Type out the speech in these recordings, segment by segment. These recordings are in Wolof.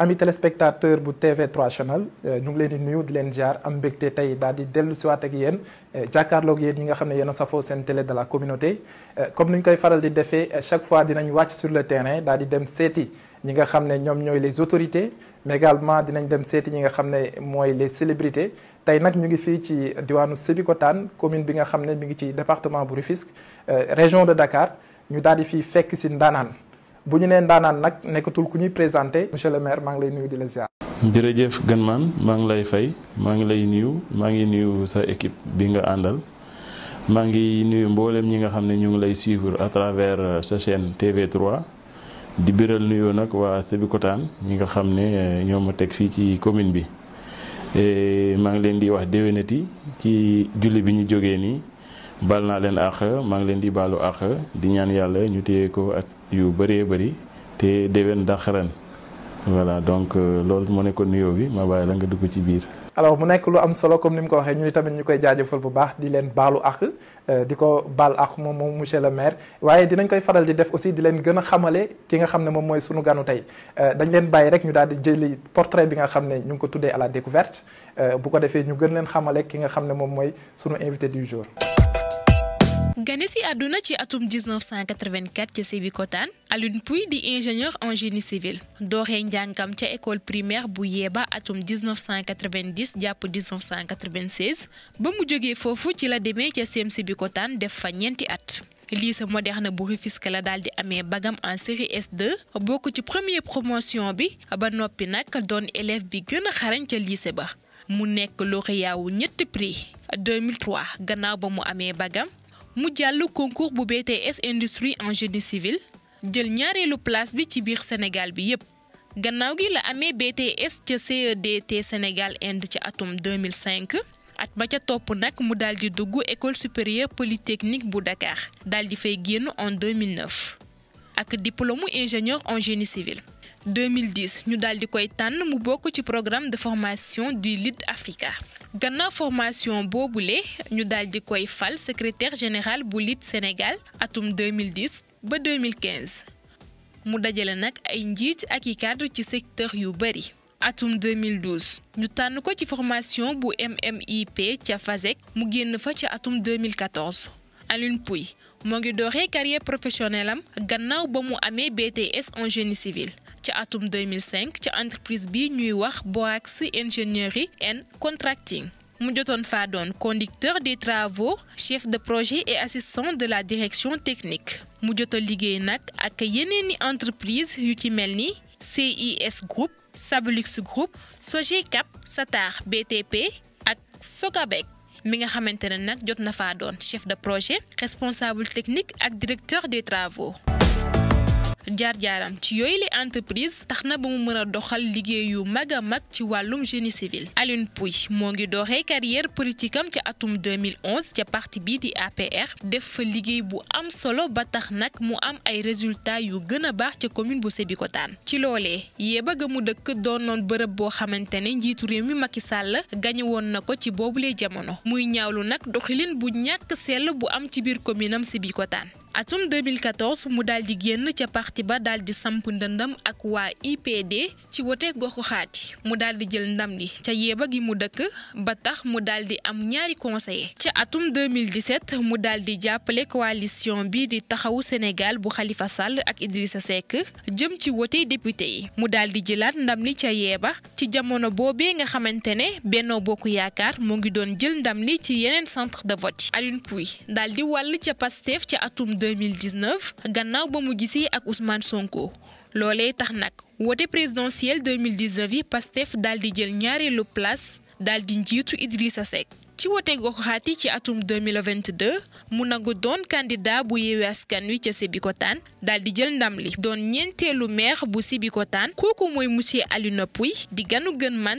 ami téléspectateurs bu TV3 Channel nous euh, ngi leen di nuyu di leen jaar am mbégte tey daal di dellu siwaat ak yéen euh, jàkkaarloog ñi nga télé de la communauté euh, comme nous ñu koy faral di chaque fois dinañ wàcc sur le terrain d'adi dem seeti ñi nga xam ne les autorités mais également dinañ dem seeti ñi nga xam ne les célébrités tey nag ñu ngi fii ci diwaanu Sébikotane commune bi nga xam mi ngi ci département bu région de Dakar ñu d'adi di fii fekk si ndaanaan bu ñu nee ndaanaan nag nekkatul ku ñuy présenté monsieur le maire maa ngi lay nuyu di la ziar. jërëjëf gën man maa ngi lay fay maa ngi lay nuyu maa ngi nuyu sa équipe bi nga àndal maa ngi nuyu mbooleem ñi nga xam ne ñu ngi lay suivre à travers euh, sa chaîne TV3 di biral nuyoo nag waa Sébikotane ñi nga xam ne euh, ñoo ma teg fii ci commune bi maa ngi leen di wax déwénati ci julli bi ñu jógee nii. bal naa leen àq maa ngi di balu àq di ñaan yalla ñu téye ko at yu bëree bëri té déwén daxaran voilà donc euh, lool mo moo ko nuyoo bi ma bay la nga dugg ci biir. alors mu nekk lu am solo comme ni mu ko waxee ñu tamit ñu koy jaajëfal bu baax di leen baalu ak euh, di ko baal ak moom moom monsieur le maire waaye dinañ koy faral di def aussi di leen gën a xamale ki nga xam ne moom mooy sunu ganu tey euh, dañ leen bàyyi rek ñu daal di jëli portrait bi nga xam ne ñu ngi ko tuddee à la découverte bu ko defee ñu gën leen xamale ki nga xam ne moom mooy sunu invité du jour gane si atom ci atum 1984 ci kotan alun Pouy di ingénieur en génie civil Dorian njàngam école primaire bu Yéba atum 1990 japp 1996 ba mu joggé fofu ci la demee ca Kotan Bikotan def fa ñenti at. lycée moderne bu Kaladal la daldi amé bagam en série S2 bokku ci première promotion bi ba nopi nak don élève bi gëna xarañ lycée ba mu nekk lauréat wu prix 2003 gannaaw ba mu bagam mu jallu concours bu BTS industrie en génie civil djel ñaarelu place bi ci biir Sénégal bi yépp gannaaw gi la BTS ci CEDT Sénégal Inde ci atum 2005 at ba ca top nak mu daldi duggu école supérieure polytechnique bu Dakar daldi fay en 2009 ak diplôme ingénieur en génie civil. 2010 ñu dal di koy tànn mu ci programme de formation du Lead Africa gannaaw formation boobule ñu nous di koy fal secrétaire général bu Lead Sénégal atum 2010 ba 2015 mu dajale nag ay njiit ak i cadre ci secteur yu bari atum 2012 ñu tànn ko ci formation bu MMIP ca FASEC mu génn fa ci atum 2014 Alioune Pouy moo ngi dooree carrière professionnelle am gannaaw ba mu BTS en génie civil ci Atom 2005 ci entreprise bi ñuy wax Boax Engineering and Contracting mu jotoon fa doon conducteur des travaux chef de projet et assistant de la direction technique mu jot a liggéey nak ak yeneeni entreprise yu ci CIS Group Sablux Group Sogecap Satar BTP ak Sogabek. mi nga xamantene nak na fa doon chef de projet responsable technique ak directeur des travaux jaar-jaaram ci yooyu li entreprise tax na ba mu mën a doxal liggéey yu mag a mag ci wàllum génie civil aline Pouy moo ngi doxee carrière politique am ci atum 2011 ca parti bi di APR def fa liggéey bu am solo ba tax nag mu am ay résultats yu gën a baax ca commune bu sebikotaan ci loolee Yeba ga mu dëkk doonoon bërëb boo xamante ne njiitu réew mi Macky Sall gañe woon na ko ci boobu boobule jamono muy ñaawlu nag doxalin bu ñàkk sell bu am ci biir commune am Sébikotane atum 2014 parti ba daal di samp ndëndam ak waa IPD ci wote goxu xaati mu daal di jël ndam li ca yeeba gi mu dëkk ba tax mu daal di am ñaari conseiller ci atum 2017 mu daal di jàppale coalition bi di taxawu Sénégal bu xalifa Sall ak Idrissa Seck jëm ci wote député yi mu daal di jëlaat ndam li ca yeeba ci jamono boobee nga xamante ne Benno Bokk Yaakaar mu ngi doon jël ndam li ci yeneen centre de vote yi Alioune Pouy daal di wàll ca Pastef ca atum gannaaw ba mu gisee ak Ousmane Sonko Wode tax nak présidentielle 2019 yi Pastef daldi jël ñaari lu place daldi njitu Idrissa Seck ci wote goxaat ci atum 2022 mu nangu candidat bu yewé askan wi ci Sibikotan Don jël ndam li doon ñeenteelu maire bu Sibikotan koku moy monsieur di ganu gën man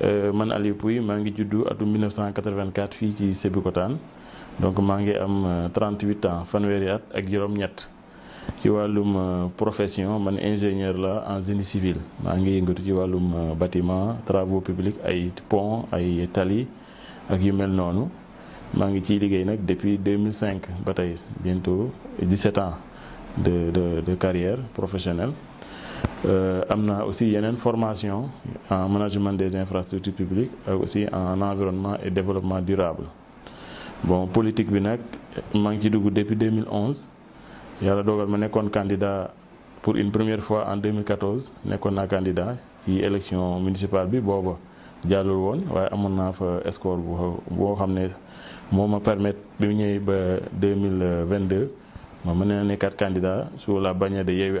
Euh, man Aliou Pouy je suis né en 1984 ici ci Sébikotane donc suis am 38 euh, ans je suis ak je ci euh, ingénieur la en génie civil Je ngi yëngatu ci bâtiments, bâtiment travaux publics ay pont ay tali ak yu mel suis maa ngi depuis 2005 bientôt 17 ans de carrière professionnelle y euh, a aussi une formation en management des infrastructures publiques aussi en environnement et développement durable bon politique bi nag maa depuis 2011 je suis candidat pour une première fois en 2014 je candidat qui élection municipale bi candidat jàllul woon waaye fa score 2022 ma mën na candidat sous la bannière de Yewi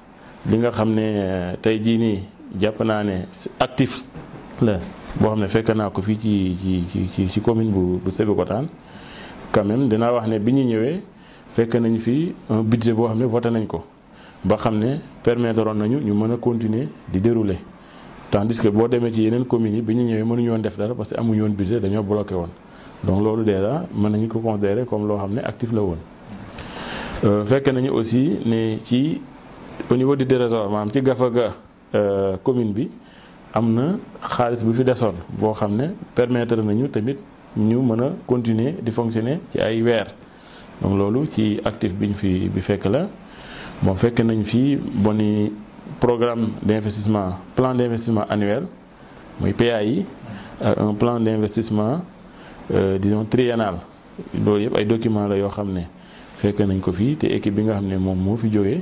li nga xam ne euh, tey jii nii jàpp naa ne actif la boo xam ne fekk naa ko fii ci ci ci ci commune bu bu Sébikotane quand même dinaa wax ne bi ñu ñëwee fekk nañ fii un budget boo xam ne voté nañ ko ba xam ne permettre nañu ñu mën a continuer di dérouler tan que boo demee ci yeneen commune yi bi ñu ñëwee mënuñu woon def dara parce que amuñu woon budget dañoo bloqué woon donc loolu déjà mën nañu ko considérer comme loo xam ne actif la woon euh, fekk nañu aussi ne ci au niveau du trésor maanaam ci euh commune bi amna xaliss xaalis bu fi desoon bo xamné permettre nañu tamit ñu mëna a continuer di fonctionner ci ay weer donc lolu ci actif biñ fi bi fekk la bon fekk nañ fi boni programme d'investissement plan d'investissement annuel mooy PAI un plan d'investissement euh, disons triennal loolu yeb ay documents la yo xamné fekk nañ ko fi té équipe bi nga xamné mom mo fi joggé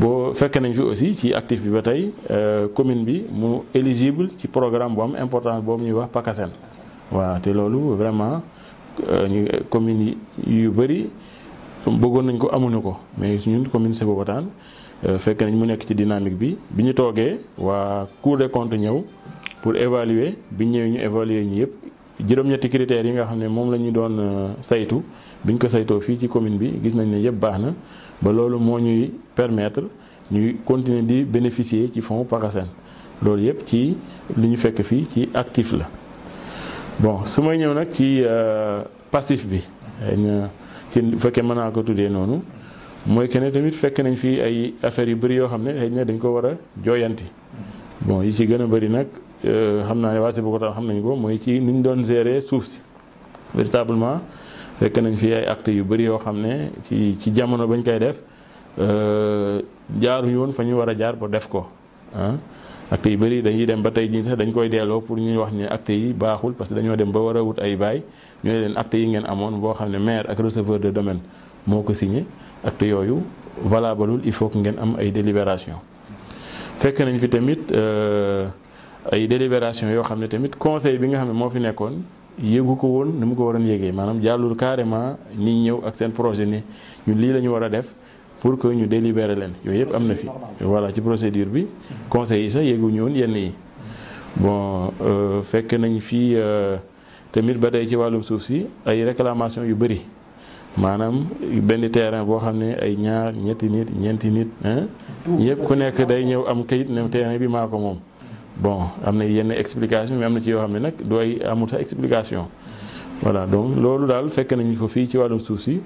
boo fekkee nañ fi aussi ci actif bi ba tey euh, commune bi mu éligible ci programme bu am important boobu ñuy wax PACASEN waaw te loolu vraiment euh, ñu commune yu bëri bëggoon nañ ko amuñu ko mais ñun commune Sébikotane euh, fekk nañ mu nekk ci dynamique bi bi ñu toogee waa Cour des comptes ñëw pour évaluer bi ñëwee ñu évaluer ñu yëpp juróom-ñetti critères yi nga xam ne moom la ñu doon saytu bi ñu ko saytoo fii ci commune bi gis nañ ne yëpp baax na ba loolu moo ñuy permettre ñuy continuer di bénéficier ci fonds PACASEN loolu yëpp ci lu ñu fekk fii ci actif la bon su may ñëw nag ci euh, passif bi ci fekkee mën naa ko tuddee noonu mooy que ne tamit fekk nañ fi ay affaires yu bëri yoo xam ne xëy na dañ ko war a jooyanti bon yi ci gën a bëri nag euh, xam naa ne waa Sébikotane xam nañ ko mooy ci ni ñu doon gérer suuf si véritablement fekk nañ fi ay actes yu bëri yoo xam ne ci ci jamono bañ koy def euh, jaaruñu yoon fa ñu war a jaar ba def ko ah actes yu bëri dañuy dem ba tey jii sax dañ koy delloo pour ñu wax ne actes yi baaxul parce que dañoo dem ba war wut ay baay ñoo ne leen actes yi ngeen amoon boo xam ne maire ak receveur de domaine moo ko signé actes yooyu valabalul il faut que ngeen am ay délibération fekk nañ fi tamit euh, ay délibération yoo xam ne tamit conseil bi nga xam ne moo fi nekkoon yéegu ko woon ni mu ko waroon yéegee maanaam jàllul carrément ni ñëw ak seen projet ni ñu lii lañu ñu war a def pour que ñu délibéré leen yooyu yëpp am na fi voilà ci procédure bi conseil yi sax yéeguñu woon yenn yi bon euh, fekk nañ fii euh, tamit ba tey ci wàllum suuf si ay réclamation yu bëri maanaam benn terrain boo xam ne ay ñaar ñetti nit ñeenti nit ñëpp ku nekk day ñëw am kayit ne terrain bi maa ko moom bon amna na yenn explication mais am ci yo xamné nak doy dooy explication voilà donc lolu dal fekk nañ ko fi ci wàllum souci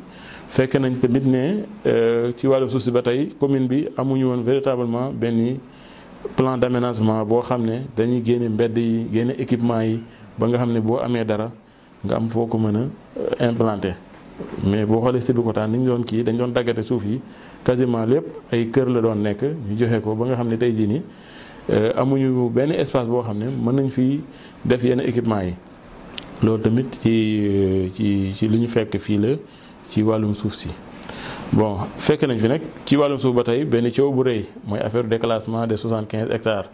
fekk nañ tamit ne euh, ci wàllum souci batay commune bi amuñu won véritablement benn plan d'aménagement bo xamné dañuy génne mbéd yi génne équipement yi ba nga xamné bo amé dara nga am foko mëna mën a euh, implanter mais boo xoolee Sébikotane ni ñu doon ki dañ doon dagaté suuf yi quasiment lépp ay kër la doon nek ñu joxé ko ba nga xamné tay tey jii euh, amuñu ben espace bo xamné ne mën nañ fi def yenn équipement yi lool tamit ci euh, ci ci luñu fekk fi le ci walum souf ci bon fekk nañ fi nag ci walum souf ba tey benn coow bu reuy moy affaire déclassement de 75 hectares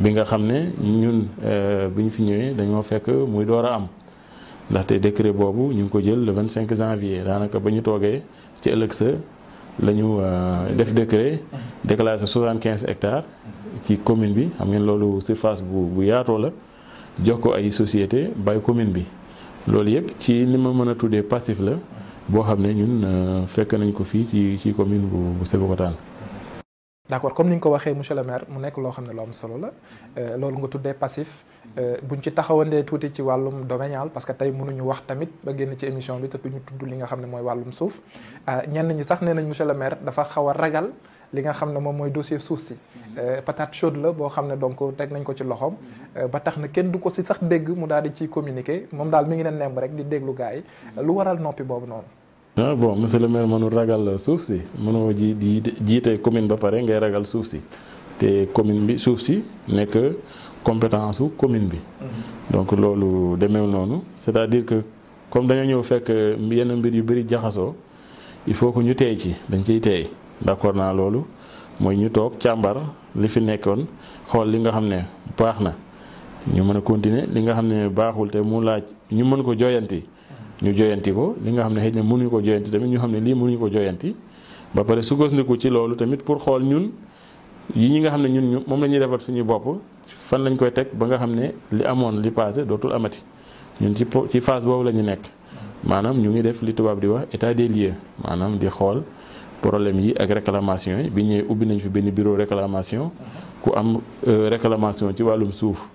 bi nga xamné ñun euh ñu fi ñëwé dañu fekk muy doora am ndax ndaxte décret bobu ñu ko jël le 25 janvier danaka bañu togué ci ëllëg sa la euh, def décret déclassé 75 hectares ci commune bi xam ngeen loolu surface bu bu yaatoo la jox ko ay société bàyyi commune bi loolu yëpp ci ni ma mën a tuddee passif la boo xam ne ñun euh, fekk nañ ko fii ci ci commune bu bu Sébikotane d'accord comme ni nga ko waxee monsieur le maire mu nekk loo xam ne lu am solo la euh, loolu nga tuddee passif euh, buñ ci taxawandee tuuti ci wàllum domanial parce que tey mënuñu wax tamit ba génn ci émission bi te duñu tudd li nga xam ne mooy wàllum suuf ñenn ñi sax nee nañ monsieur le maire dafa xaw a ragal li nga xamne mom moy dossier suuf si mhm. euh, patate chaude la bo xamne donc tek nañ ko ci loxom mhm. euh, ba tax na kenn du ko ci sax deg mu dal di ci communiquer mom dal mi ngi ne nemb rek di deglu gaay mhm. lu waral nopi bobu non ah bon monsieur le maire mënul ragal suuf si ji di jiite commune ba pare ngay ragal suuf si te commune bi suuf nek compétence commune bi donc lolu demeew noonu c'est-à-dire que comme dañu ñëw fekk yenn mbir yu bëri jaxaso il faut que ñu téy ci dañ ciy téy d'accord naa loolu mooy ñu toog càmbar li fi nekkoon xool li nga xam ne baax na ñu mën a continuer li nga xam ne baaxul te mu laaj ñu mën ko joyanti ñu joyanti ko li nga xam ne xëy na mënuñu ko joyanti tamit ñu xam ne lii mënuñu ko joyanti ba pare sukkandiku ci loolu tamit pour xool ñun yi ñi nga xam ne ñun ñu moom la ñuy defal suñu bopp fan lañu koy teg ba nga xam ne li amoon li passé dootul amati ñun ci po ci phase boobu la ñu nekk maanaam ñu ngi def li tubaab di wax état des lieux maanaam di xool problème yi ak réclamation yi bi ñëwee ubbi nañ fi benn bureau réclamation ku am euh, réclamation ci walum souf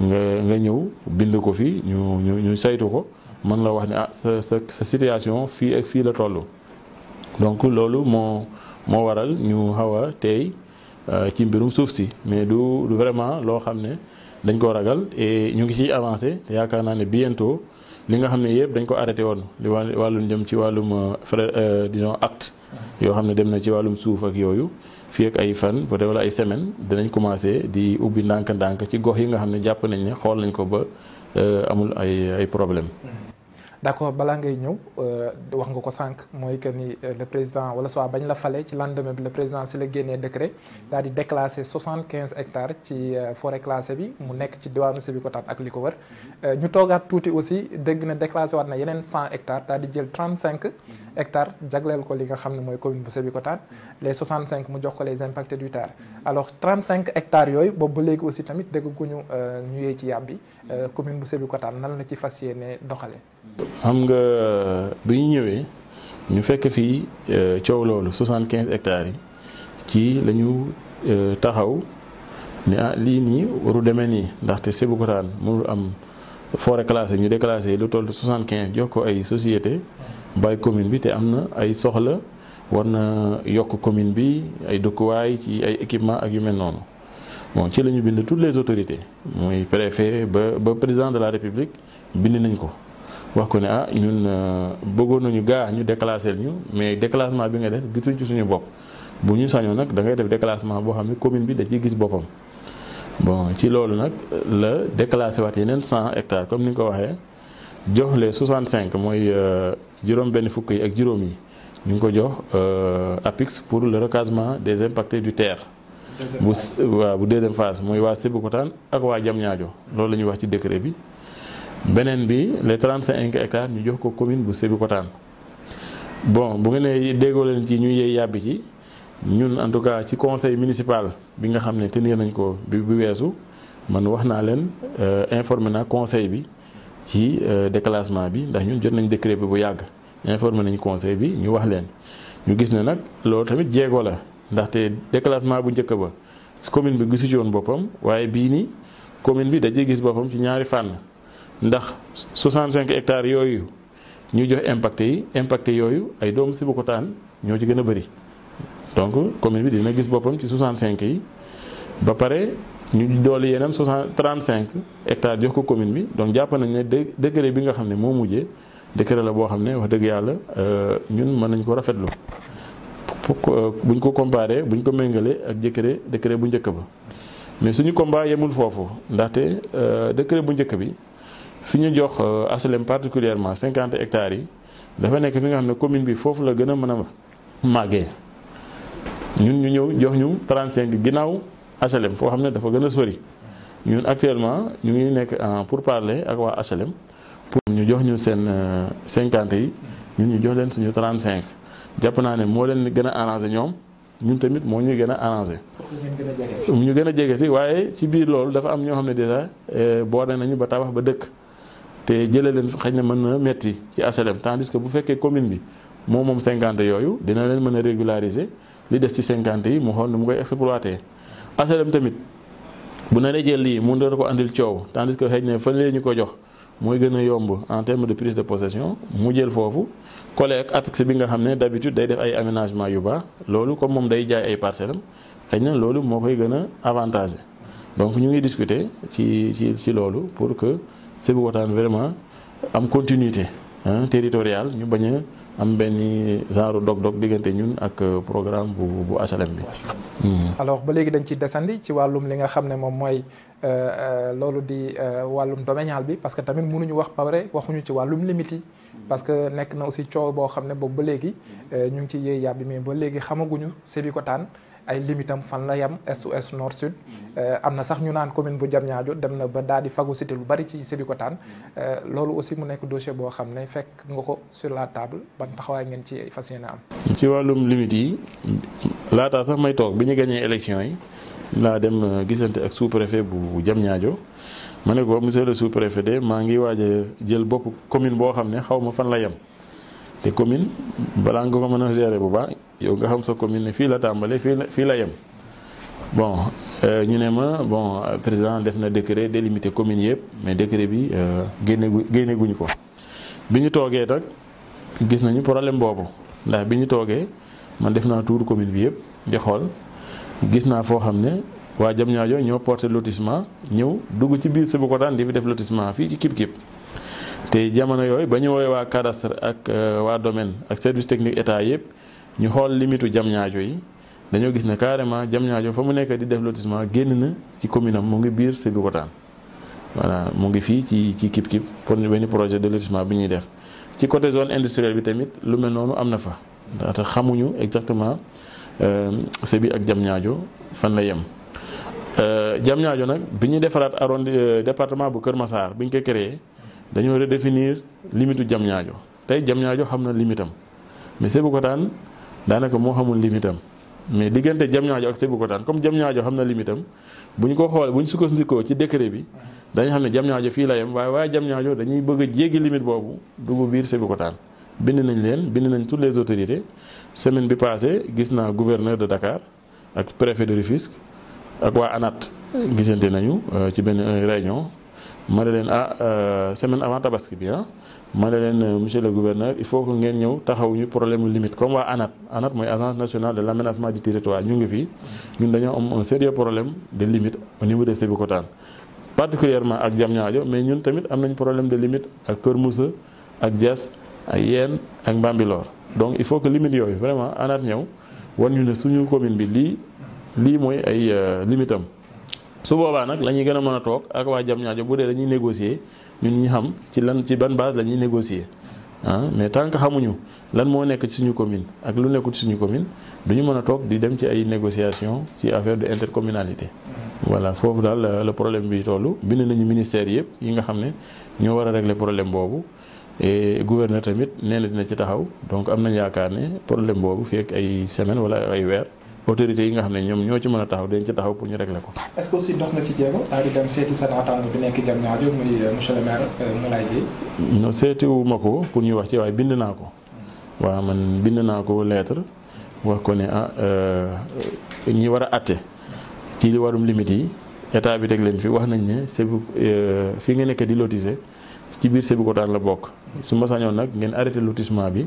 nga nga ñëw bind ko fi ñu ñu saytu ko man la wax ni ah sa sa situation fi ak fi la tollu donc lolu mo mo waral ñu hawa tay euh, ci mbirum souf ci mais du vraiment lo xam dañ ko ragal et ñu ngi ci avancer yaakaar naa ne bientôt li nga xam ne yëpp dañ ko arrêté woon li wàllum jëm ci wàllum euh, fra euh, disons acte yoo xam ne dem na ci wàllum suuf ak yooyu fii ak ay fan peut-être wala ay semaine dinañ commencé di ubbi ndànk-ndànk ci gox yi nga xam ne jàpp nañ ne xool nañ ko ba euh, amul ay ay problème d'accord balaa ngay euh wax nga ko sank moy que ni euh, le président wala soit bañ la falé ci lendemain bi le président si le génnee décret mm-hmm. daal di déclasser 75 hectares ci euh, forêt classée bi mu nekk ci diwaanu Sébikotane ak liko ko wër mm-hmm. euh, ñu toogaat touti aussi dégg na déclassé wat na yenen 100 hectares daal di jël 35 mm-hmm. hectares jagleel ko li nga xamné moy commune bu Sébikotane les 65, mu jox ko les impactés du TER alors 35 hectares yoy bo ba léegi aussi tamit dégg guñu ñu ci yàbbi commune bu Sébikotane nan la ci fas yéene xam nga bi ñu ñëwee ñu fekk fii euh, coow loolu hectares yi ci lañu ñu euh, taxaw ni ah lii nii waru demee nii ndaxte Sébikotane am forêt classée ñu déclassé lu toll 75 quinze jox ko ay société bàyyi commune bi te am na ay soxla war na yokk commune bi ay dëkkuwaay ci ay équipement ak yu mel noonu bon ci lañu bind toutes les autorités muy préfet ba ba président de la république bind nañ ko wax ko ne ah ñun euh, bëggoon nañu gaa ñu déclasser ñu mais déclassement bi nga def gisuñ ci suñu bopp bu ñu sañoon nag da ngay def déclassement boo xam ne commune bi da ciy gis boppam. bon ci loolu nag la déclassé wat yeneen 100 hectares comme ni ko waxee jox les 65 mooy euh, juróom-benn fukk yi ak juróom yi ñu ngi ko jox euh, APIX pour le recasement des impactés du terre. bu waaw bu deuxième phase mooy waa Sébikotane ak waa Diamniadio loolu la ñuy wax ci décret bi. beneen bi les 35 hectares ñu jox ko commune bu kotaan bon bu ngeen déggoo leen ci ñu yee yàbbi ci ñun en tout cas ci conseil municipal bi nga xam ne te tenir nañ ko bi bu weesu man wax naa leen euh, informé naa conseil bi ci euh, déclassement bi ndax ñun jot nañ décret bi bu yàgg informé nañu conseil bi ñu wax leen ñu gis ne nag loolu tamit jéego la ndaxte déclassement bu njëkk ba commune bi gisu ci woon boppam waaye bii nii commune bi dañ ciy gis boppam ci ñaari fànn. ndax cinq hectares yooyu ñuy jox impacte yi impacté yooyu ay doomu Sébikotane ñoo ci gën a bëri donc commune bi dina gis boppam ci cinq yi ba pare ñu doolu yeneen 60 35 hectares jox ko commune bi donc jàpp nañ ne décret bi nga xam ne moo mujjee décret la boo xam ne wax dëgg yàlla euh, ñun mën nañu ko rafetlu euh, buñ ko bu ñu ko méngale ak décret décret bu njëkk ba mais suñu combat yemul foofu ndaxte euh, décret bu njëkk bi Fini jox euh, HLM particulièrement 50 hectares yi dafa nek fi nga xamné commune bi fofu la gëna mëna mën ñun ñu ñëw jox ñu 35 ginnaaw HLM fo xamné dafa gëna sori ñun actuellement ñu ngi en pour parler ak wa HLM pour ñu jox ñu sen 50 euh, yi ñun ñu jox leen suñu 35 jàpp naa ne moo leen gën a arrangé ñoom ñun tamit moo ñuy gën a arrangé. ñu gën a jege si waaye ci biir loolu dafa am ñoo xam ne dèjà euh, boole nañu ba tabax ba dëkk te jëlé leen xëy mëna metti ci tandis que bu commune bi mom 50 yoyu dina leen mëna régulariser li des ci 50 yi mu koy tamit bu jël mu ko andil tandis que jox yomb en terme de prise de possession mu jël vous, collé APEX bi d'habitude comme mom day jaay ay parcelles lolu donc ñu ngi discuter ci ci pour que. Sébikotane vraiment am continuité territoriale ñu bañ a am benn genre dog-dog diggante ñun ak euh, programme bu bu HLM bi. Hmm. alors ba léegi dañ ci desandi ci wàllum li nga xam ne moom mooy euh, euh, loolu di wàllum domanial bi parce que tamit mënuñu wax pare waxuñu ci wàllum limite parce que nekk na aussi coow boo xam ne boobu ba léegi ñu ngi ci yéey yàbbi mais ba léegi xamaguñu Sébikotane ay limitam fan la yem est ouest nord sud. Euh, am na sax ñu naan commune bu Diamniadio dem na ba daal di phagocyté lu bari ci ko taan euh, loolu aussi mu nekk dossier boo xam ne fekk nga ko sur la table ban taxawaay ngeen ci fas yéene am. ci wàllum limite yi laataa sax may toog bi ñu gagné élection yi laa dem euh, gisante ak sous préfet bu Diamniadio ma ne ko monsieur le sous préfet de maa ngi waaj jël bokk commune boo xam ne xaw ma fan la yem. te commune balaa nga ko mën a gérer bu baax yow nga xam sa commune ne fii la tàmbalee fii la fii la yem bon euh, ñu ne ma bon président def na décret délimité commune yëpp mais décret bi euh, génne gu guñu ko bi ñu toogee nag gis nañu problème boobu ndax bi ñu toogee man def naa tuur commune bi yëpp di xool gis naa foo xam ne waa Diamniadio ñoo porté lotissement ñëw dugg ci biir Sébikotane di fi def lotissement fii ci Kip Kip te jamono yooyu ba ñu woowee waa cadastre ak euh, waa domaine ak service technique état yëpp ñu xool limitu ñaajo yi dañoo gis ne carrément Diamniadio fa mu nekk di def lotissement génn na ci commune am mu ngi biir Sébikotane voilà mu ngi fii ci ci Kip Kip pour ni projet de lotissement bi ñuy def ci côté zone industrielle bi tamit lu mel noonu am na fa ndaxte xamuñu exactement euh, Sébi ak jam ñaajo fan la yem Diamniadio euh, nag bi ñuy defaraat arrondi département bu Kër Massar bi ñu ko créé dañoo redéfinir limitu jam ñaajo tey jam ñaajo xam na limitam mais Sébikotane daanaka moo xamul limitam mais diggante jam ñaajo ak Sébikotane comme jam ñaajo xam na limitam bu ñu ko xoole bu ñu sukkandikoo ci décret bi dañu xam ne jam ñaajo fii la yem waaye waaye jam ñaajo dañuy bëgg a jéggi limite boobu dugg biir Sébikotane bind nañ leen bind nañ toutes les autorités semaine bi passée gis naa gouverneur de Dakar ak préfet de Rufisque ak waa ANAT mm. gisante nañu euh, ci benn euh, réunion Madame ah, euh, semaine avant tabaski ah, euh, monsieur le gouverneur il faut que nous des un problème limite comme l'Agence ANAT nationale de l'aménagement du territoire Nous, avons un sérieux problème de limite au niveau de Sébikotane particulièrement avec Diamniadio mais nous avons am nañ problème de limite à Kermouze, à Dias, à Yen à Bambilor donc il faut que les yooyu vraiment ANAT nous, wan ñu commune su boobaa nag lañuy ñuy gën a mën a toog ak waa jam ñaajo bu dee dañuy négocier ñun ñu xam ci lan ci ban base la ñuy négocier ah mais tant que xamuñu lan moo nekk ci suñu commune ak lu nekkul ci suñu commune du ñu mën a toog di dem ci ay négociation ci affaire de intercommunalité. voilà foofu daal euh, le problème bi toll bind nañu ministère yëpp yi nga xam ne ñoo war a régler problème boobu et gouverneur tamit nee na dina ci taxaw donc am nañ yaakaar ne problème boobu fekk ay semaine wala ay weer. autorités yi nga xam ne ñoom ñoo ci mën a taxaw dañ ci taxaw pour ñu régler ko. est-ce que aussi nga ci jéego daal di seeti sa naataango bi nekk Diamniadio muy euh, monsieur le maire euh, seetiwuma ko pour ñu wax ci waaye bind naa ko. waaw man bind naa ko lettre wax ko ne ah euh, ñi war a àtte ci li warum limite yi état bi teg leen fi wax nañ ne Sébikotane fi nga nekk di lotisé ci biir ko Sébikotane la bokk su ma sañoon nag ngeen arrêté lotissement bi.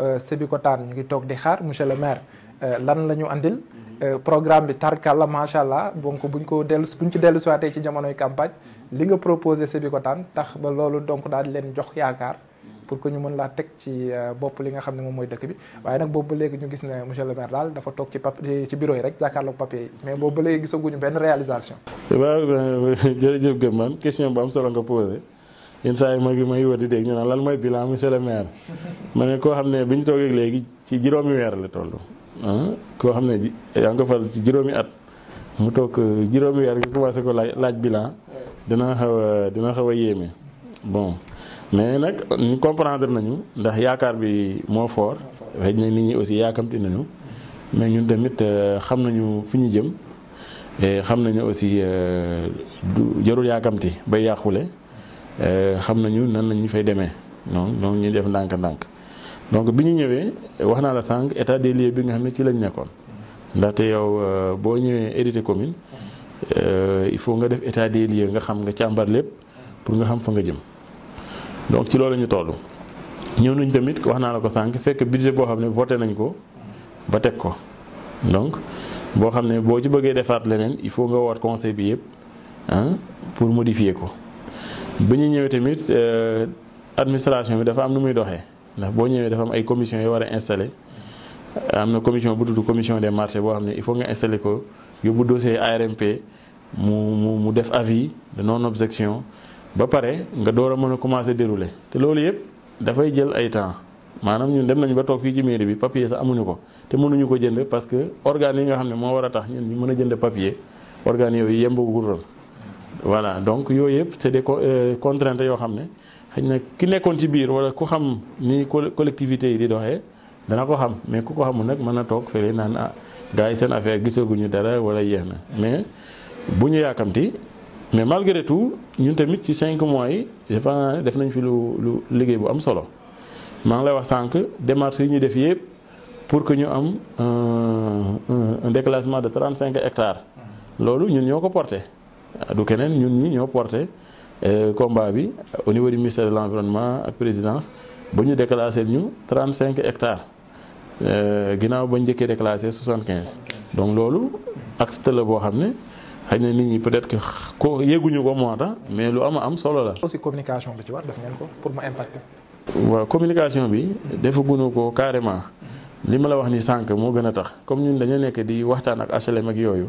Euh, Sébikotane ñu ngi toog di xaar monsieur le maire euh, lan la ñu andil euh, programme bi tarkalla macha allah donc buñ ko dellu ñu ci dellu siwaatee ci jamonoy campagne li nga proposé Sébikotane tax ba loolu donc daal leen jox yaakaar pour que ñu mën laa teg ci bopp li nga xam ne moom mooy dëkk bi waaye nag boobu ba léegi ñu gis ne monsieur le maire daal dafa toog ci papier ci bureau yi rek jàkkaarloog papier yi mais boobu ba gisaguñu benn réalisation. waaw eh jërëjëf Gueye man question bu solo nga posé. yenn yi ma ngi may wër di dégg ñu naan lan mooy bilan monsieur le maire ma ne koo xam ne bi ñu toogee léegi ci juróomi weer la toll ah, koo xam ne yaa ngi ko ci juróomi at mu toog euh, juróomi weer nga commencé ko laaj laaj bilan dina xaw a xaw a yéeme bon mais nag ñu comprendre nañu ndax yaakaar bi moo fort xëy na nit ñi aussi yaakamti nañu mais ñun tamit euh, xam nañu fi ñu jëm xam nañu aussi euh, du jarul yaakamti ba yàqule Euh, xam nañu nan la ñu fay demee noonu noonu ñuy def ndànk-ndànk donc bi ñu ñëwee wax naa la sànq état des lieux bi nga xam ne ci lañ nekkoon ndaxte yow euh, boo ñëwee hérité commune euh, il faut nga def état des lieux nga xam nga càmbar lépp pour nga xam fa nga jëm donc ci loolu la ñu toll. ñëw nañ tamit wax naa la ko sànq fekk budget boo xam ne voté nañ ko ba teg ko donc boo xam ne boo ci bëggee defaat leneen il faut nga woot conseil bi yëpp ah pour modifier ko. bu ñu ñëwee tamit administration commission war a installé commission bu tudd commission des marchés il faut nga installé ko dossier ARMP mu mu avis de non objection ba pare nga door commencé déroulé loolu temps ñun dem mairie papier sax amuñu ko te mënuñu ko parce que organes yi nga xam ne voilà donc yoyep yëpp c'est des euh, contraintes yo xamné xagn na ki nekkoon ci biir wala ku xam ni collectivité yi di doxee dana ko xam mais ku ko xamul nak mën na toog fële naan ah gars yi seen affaire gisaguñu dara wala yéna mais buñu yakamti mais malgré tout ñun tamit ci 5 mois yi defe def nañ fi lu lu liggéey bu am solo ma ngi lay wax sànq démarches yi ñu def yépp pour que ñu am un un déclassement de 35 hectares lolu ñun ñoko porter du keneen ñun ñi ñoo porté euh, combat bi au niveau du ministère de l'environnement ak présidence ba ñu déclassé ñu trent cinq hectares euh, ginnaaw ba njëkkee soixante quinze donc loolu acte la boo xam ne xëy na nit ñi peut-être que ko yéguñu ko moo tax mais lu am am solo la. aussi communication bi ci war def ngeen ko pour mu impacter. waaw communication bi defaguñu ko carrément li ma la wax ni sànq moo gën a tax comme ñun dañoo nekk di waxtaan ak HLM ak yooyu.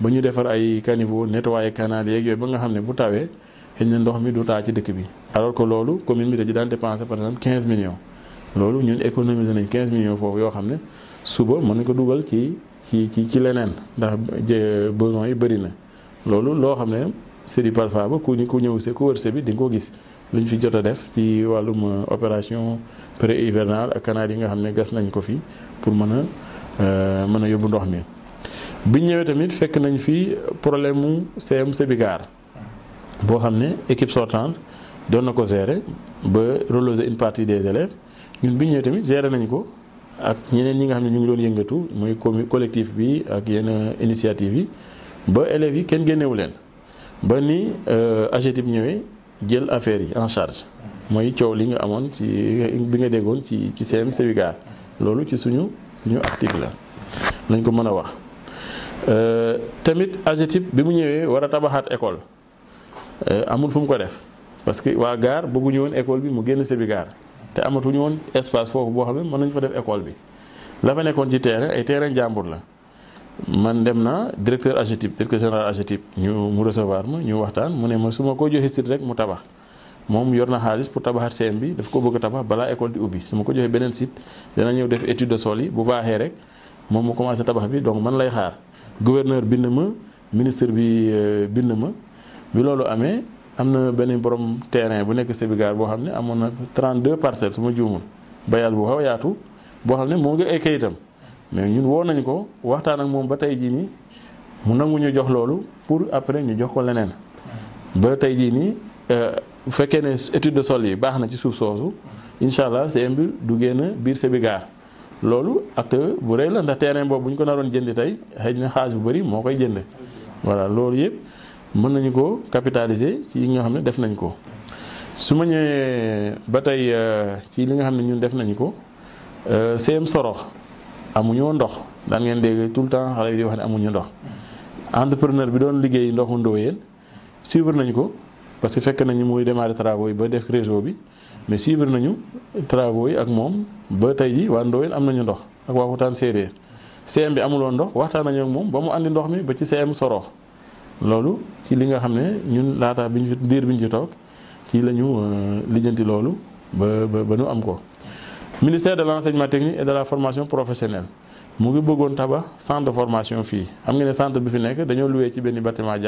ba ñu defar ay caniveau nettoyer canal yeeg yooyu ba nga xam ne bu tawee xëy na ndox mi du taa ci dëkk bi alors que loolu commune bi dañu daan dépenser par exemple 15 millions loolu ñun économisé nañ 15 millions foofu yoo xam ne suba mën nañ ko dugal ci ci ci ci leneen ndax besoin yi bëri na loolu loo xam ne Seri Palfa ba ku ku ñëw ku wërse bi di ko gis lu ñu fi jot a def ci wàllum euh, opération pré hivernale ak canal yi nga xam ne gas nañ ko fi pour mën a euh, mën a yóbbu ndox mi bi ñëwee tamit fekk nañu fi problème mu CM Sébicar boo xam ne équipe sortante doon na ko gérer ba reloger une partie des élèves ñun bi ñëwee tamit gérer nañ ko ak ñeneen ñi nga xam ne ñu ngi doon yëngatu mooy collectif bi ak yenn initiative yi ba élèves yi kenn génnewu leen ba ni euh, AGETIP ñëwee jël affaire yi en charge mooy coow li nga amoon ci bi nga déggoon ci ci CM Sébicar loolu ci suñu suñu article la lañ ko mën a wax. Euh, tamit AGETIP bi mu ñëwee war a tabaxaat école euh, amul fu mu ko def parce que waa gaar bëgguñu woon école bi mu génn sebi gaar te amatuñu woon espace foofu boo xam ne mën nañ fa def école bi la fa nekkoon ci terrain ay terrain jàmbur la man dem naa directeur AGETIP directeur général AGETIP ñu mu recevoir ma ñu waxtaan mu ne ma su ma ko joxee rek mu tabax moom yor na xaalis pour tabaxaat CEM bi daf ko bëgg a tabax balaa école di ubbi su ma ko joxee beneen site dana ñëw def étude de sole yi bu baaxee rek moom mu commencé tabax bi donc man lay xaar gouverneur bind ma ministre bi euh, bind ma bi loolu amee am na beneen borom terrain bu nekk Sébigar boo xam ne amoon na 32 parcelles su ma juumul bayal bu xaw yaatu boo xam ne moo ngi ay kayitam mais ñun woo nañ ko waxtaan ak moom ba tey jii nii mu nangu ñu jox loolu pour après ñu jox ko leneen ba tey jii nii euh, bu fekkee ne étude de sol yi baax na ci suuf soosu incha allah CM bi du génn biir Sébigar loolu acte bu rëy la ndax terrain boobu bu ñu ko naroon jëndi tey xëy na xaas bu bëri moo koy jënd voilà loolu yëpp mën nañu ko capitaliser ci yi nga xam ne def nañ ko su ma ba tey euh, ci li nga xam ne ñun def nañu ko euh, CM Sorox amuñoo ndox daan ngeen dégg tout le temps xale yi wax ne amuñu ndox entrepreneur bi doon liggéey ndoxu Ndoyeen suivre nañ ko parce que fekk nañu muy démarrer travaux yi ba def réseau bi mais suivre nañu travaux ak mom ba am ndox ak CM bi amuloon ndox ak ba mu andi ndox mi ba ci CM loolu ci li nga ñun ci euh, ministère de l'enseignement technique et de la formation professionnelle mu ngi bëggoon centre de formation fii xam ne centre bi fi nekk dañoo loué ci bâtiment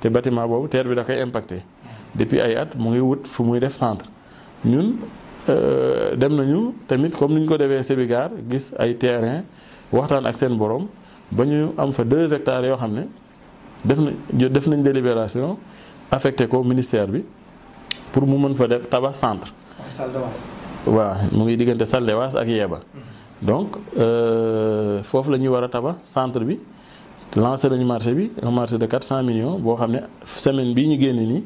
te bâtiment boobu terre bi da koy impacté depuis ay at mu ngi wut fu centre ñun euh, dem nañu tamit comme niñ ñu ko defee Sébigar gis ay terrain waxtaan ak seen borom ba ñu am fa 2 hectares yo xamné def nañ def nañ délibération affecté ko ministère bi pour mu mën fa def tabax centre. waaw mu ngi diggante Saldewaas ak Yeba. Mhm. donc euh fofu lañu wara a tabax centre bi lancer nañu marché bi un marché de 400 millions bo xamné semaine bi ñu génné ni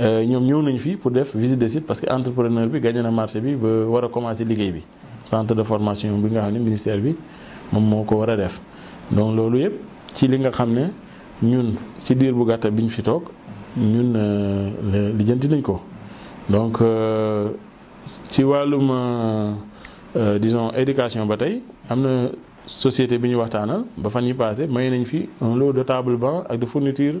nous euh, sommes venus fii pour def visite de site parce que entrepreneur bi gagné na marché et ba commencer a centre de formation bi nga ministère bi moom donc tout ça ci li nga savez ñun ci bu Gata, fi euh, donc euh, disons éducation société passé un lot de table banc de fournitures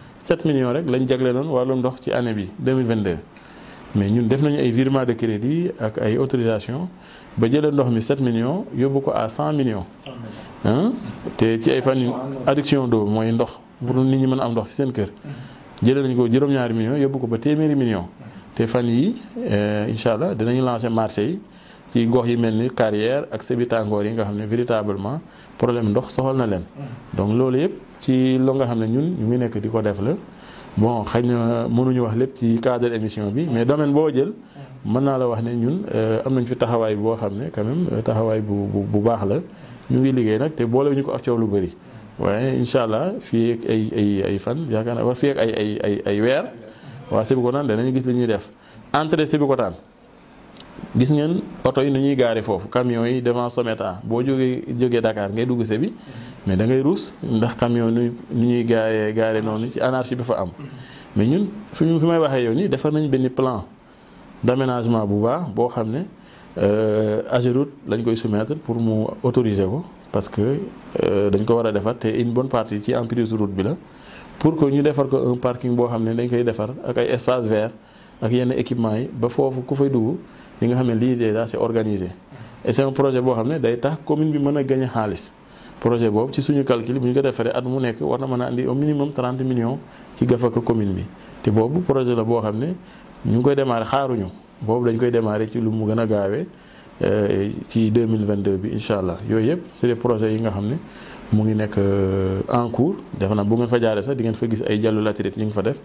7 millions rek lañ que walum ndox ci année 2022 mais ñun def fait ay virement de crédit ak ay autorisation ba nous ndox mi 7 millions yobbu ko à 100 millions. 100 millions hein? ci ay fan d'eau ndox bu pour nit ñi mëna am ndox ci seen kër. Mhm. Nous ko millions yobbu ko ba millions. Mhm. té fan euh, yi euh inshallah dinañ ci gox yi mel ni carrière ak sebi tàngoor yi nga xam ne véritablement problème ndox soxal na leen. donc loolu yëpp ci loo nga xam ne ñun ñu ngi nekk di ko def la bon xëy na mënuñu wax lépp ci cadre émission bi mais domaine boo jël. mën naa la wax ne ñun euh, am nañ fi taxawaay boo xam ne quand même euh, taxawaay bu bu baax la ñu ngi liggéey nag te boole ñu ko ak coow lu bëri. waaye incha allah fii ay ay ay fan yaakaar naa war fii ak ay ay ay weer waa Sébikotane danañu gis li ñuy def entrée Sébikotane gis ngeen oto yi nu ñuy gaare foofu camion yi devant Someta boo jógee jógee dakaar ngay dugg se bi mais dangay ngay ruus ndax camion ni nu ñuy gaare gaare noonu ci anarchie bi fa am mais ñun fi fi may waxee yow nii defar nañ benn plan d'aménagement bu baax boo xam ne euh, Ageroute lañ koy soumettre pour mu autoriser ko parce que euh, dañ ko war a defar te une bonne partie ci emprise route bi la pour que ñu defar ko un parking boo xam ne dañ koy defar ak ay espace vert ak yenn équipement yi ba foofu ku fay dugg li nga xam ne lii de c'est organisé et c'est projet boo xam ne day tax commune bi mën a gañ xaalis projet boobu ci suñu calcul bu ñu ko defaree at mu nekk war na mën a andi au minimum 30 millions ci gafaka commune bi te boobu projet la boo xam ne ñu ngi koy démarrer xaaruñu boobu dañ koy démarrer ci lu mu gën a gaawee euh, ci 2022 bi incha allah yooyu yëpp c'est des projets yi nga xam ne mu ngi nekk euh, en cours defe na bu ngeen fa jaaree sax di ngeen fa gis ay jallu latérite ñu ngi fa def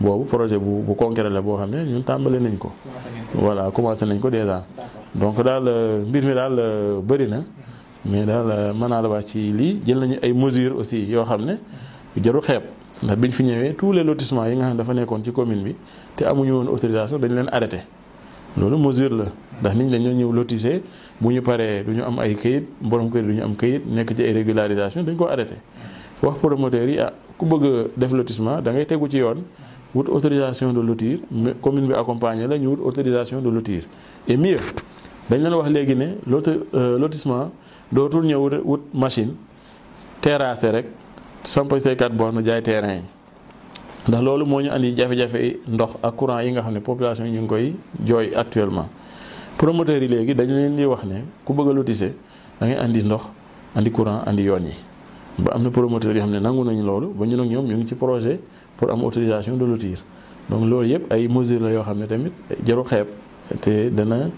boobu projet bu bu concret la boo xam ne ñun tàmbalee nañ ko voilà commencé nañ ko déjà donc daal euh, mbir mi daal euh, bëri na mais daal mën naa la ci lii jël nañu ay mesures aussi yoo xam ne jaru xeeb ndax biñ fi ñëwee tous les lotissements yi nga xam dafa nekkoon ci commune bi te amuñu woon autorisation dañu leen arrêté loolu mesure la ndax nit ñi dañoo ñëw lotissé bu ñu paree du ñu am ay kayit borom kayit du ñu am kayit nekk ci ay régularisation dañ ko arrêté wax promoteur yi ah ku bëgg a def lotissement da ngay tegu ci yoon wut autorisation de lotir commune bi accompagner la ñu wut autorisation de lotir et mieux dañ leen wax léegi ne lot euh, lotissement dootul ñëw wut machine terrasser rek samp say kat jaay terrain yi ndax loolu moo ñu andi jafe-jafe ndox ak courant yi nga xam ne population yi ñu ngi koy jooy actuellement promoteur yi léegi dañu leen di wax ne ku bëgg a lotissé da ngay andi ndox andi courant andi yoon yi ba am na promoteurs yoo xam ne nangu nañu loolu ba ñu nag ñoom ñu ngi ci projet pour am autorisation de lotir donc loolu yëpp ay mesures la yoo xam ne tamit jarul xeeb te dana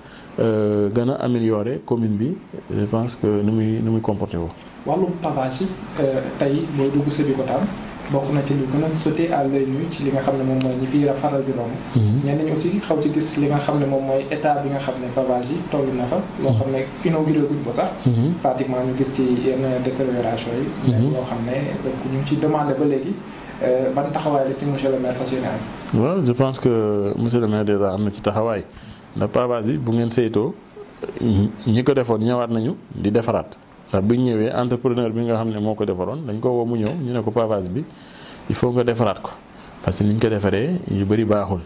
euh, gën a améliorer commune bi je pense que nu muy nu muy comporté woo. wàllum pavage yi euh, tey booy dugg Sébikotane bokk na ci lu gën a sauté à l'œil nu ci li nga xam mom moy ni fi fi faral di romb mhm. ñen ñi aussi xaw ci gis li nga xam mom moy état bi nga xam pavage yi toll na fa lo mhm. xam kino inauguré guñ ko sax mhm. pratiquement ñu gis ci yenn détérioration yi nekk loo xam donc ñu ci demander ba légui euh ban taxaway la ci monsieur le maire fas yéene am waaw je pense que monsieur le maire déjà am ci taxaway ndax pavage bi bu ngeen seyto ñi ko defoon ñëwaat nañu di defaraat bu ñu ñëwee entrepreneur bi nga xam ne moo ko defaroon dañ ko woo mu ñëw ñu ne ko pavage bi il faut nga defaraat ko parce que niñ ko defaree yu bëri baaxul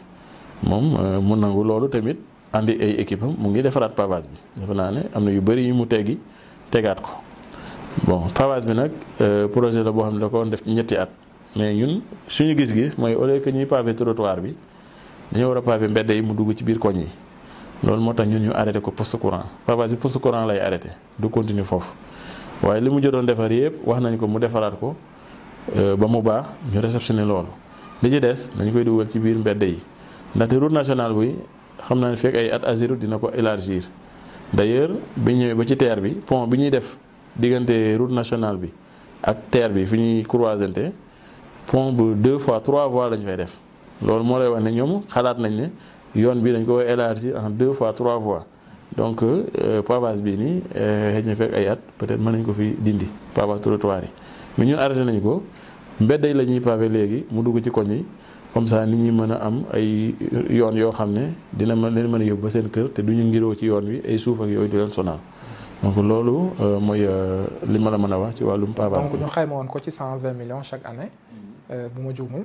moom euh, mu nangu loolu tamit andi ay équipe am mu ngi defaraat pavage bi defe naa ne am na yu bëri yu mu teggi tegaat ko bon pavage bi nag euh, projet la boo xam ne da ko def ñetti at mais ñun suñu gis-gis mooy au lieu que ñuy pavé trottoir bi dañoo war a pavé mbedd yi mu dugg ci biir koñ yi loolu moo tax ñun ñu arrêté ko poste courant pavage bi poste courant lay arrêté du continuer foofu waaye li mu jotoon defar yëpp wax nañ ko mu defaraat ko euh, ba mu baax ñu réceptionné loolu li ci des dañ koy dugal ci biir mbedd yi ndaxte route nationale bi xam naa ne fekk ay at azir dina ko élargir d'ailleurs bi ñëwee ba ci terre bi pont bi ñuy def diggante route nationale bi ak terre bi fi ñuy croisante pont bu deux fois trois voies lañ fay def loolu moo lay wax ne ñoom xalaat nañ ne yoon bi dañ ko élargir en deux fois trois voies donc euh, pavage bii nii euh, xëy na fekk ay at peut-être mën nañ ko fi dindi pavage trottoir yi mais ñun arrêté nañ ko mbedd yi la ñuy pavé léegi mu dugg ci koñ yi comme ça nit ñi mën a am ay yoon yoo xam ne dina mën leen mën a yóbbu ba seen kër te du ñu ngiroo ci yoon wi ay suuf ak yooyu du leen sonal donc loolu euh, mooy li ma la mën a wax ci wàllum pavage. donc ñu xayma woon ko ci 120 millions chaque année bu ma juumul